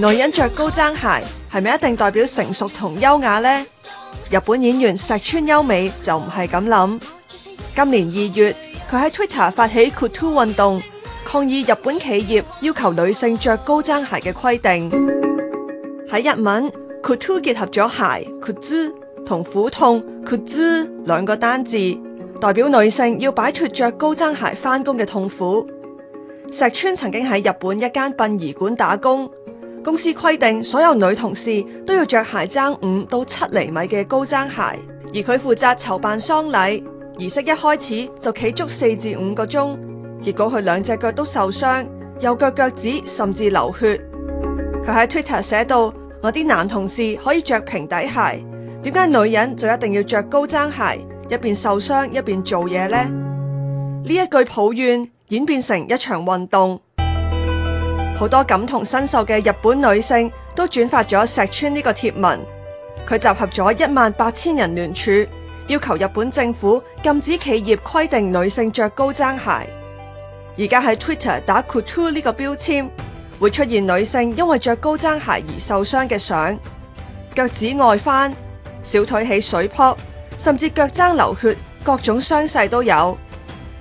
女人着高踭鞋係咪一定代表成熟同優雅呢？日本演員石川優美就唔係咁諗。今年二月，佢喺 Twitter 發起 #KuToo 運動，抗議日本企業要求女性着高踭鞋嘅規定。喺日文 #KuToo 結合咗鞋 Kutsu 同苦痛 Kutsuu 兩個單字，代表女性要擺脱着高踭鞋返工嘅痛苦。石川曾經喺日本一間殯儀館打工。公司規定所有女同事都要着鞋踭五到七厘米嘅高踭鞋，而佢負責籌辦喪禮，儀式一開始就企足四至五個鐘，結果佢兩隻腳都受傷，右腳腳趾甚至流血。佢喺 Twitter 寫到：我啲男同事可以着平底鞋，點解女人就一定要着高踭鞋，一邊受傷一邊做嘢呢？呢一句抱怨演變成一場運動。好多感同身受嘅日本女性都轉發咗石川呢個貼文，佢集合咗一萬八千人聯署，要求日本政府禁止企業規定女性着高踭鞋。而家喺 Twitter 打 KuToo 呢個標籤，會出現女性因為着高踭鞋而受傷嘅相，腳趾外翻、小腿起水泡，甚至腳踭流血，各種傷勢都有。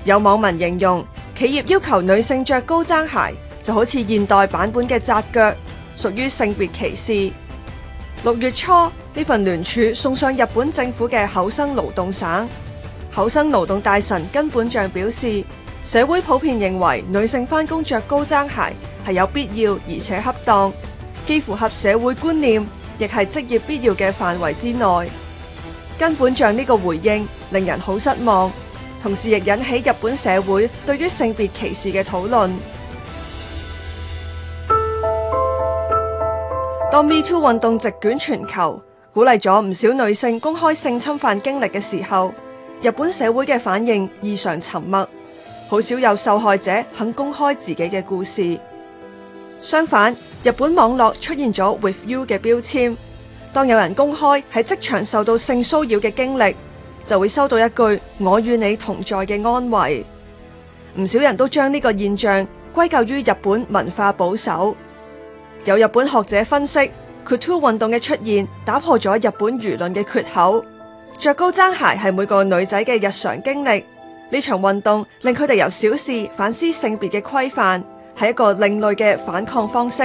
有網民形容，企業要求女性着高踭鞋。就好似現代版本嘅紮腳，屬於性別歧視。六月初呢份聯署送上日本政府嘅厚生勞動省，厚生勞動大臣根本匠表示，社會普遍認為女性返工着高踭鞋係有必要而且恰當，既符合社會觀念，亦係職業必要嘅範圍之內。根本匠呢個回應令人好失望，同時亦引起日本社會對於性別歧視嘅討論。當 Me Too 運動席捲全球，鼓勵咗唔少女性公開性侵犯經歷嘅時候，日本社會嘅反應異常沉默，好少有受害者肯公開自己嘅故事。相反，日本網絡出現咗 With You 嘅標籤，當有人公開喺職場受到性騷擾嘅經歷，就會收到一句我與你同在嘅安慰。唔少人都將呢個現象歸咎於日本文化保守。有日本學者分析，KuToo 運動嘅出現，打破咗日本輿論嘅缺口，着高踭鞋係每個女仔嘅日常經歷，呢場運動令佢哋由小事，反思性別嘅規範，係一個另類嘅反抗方式。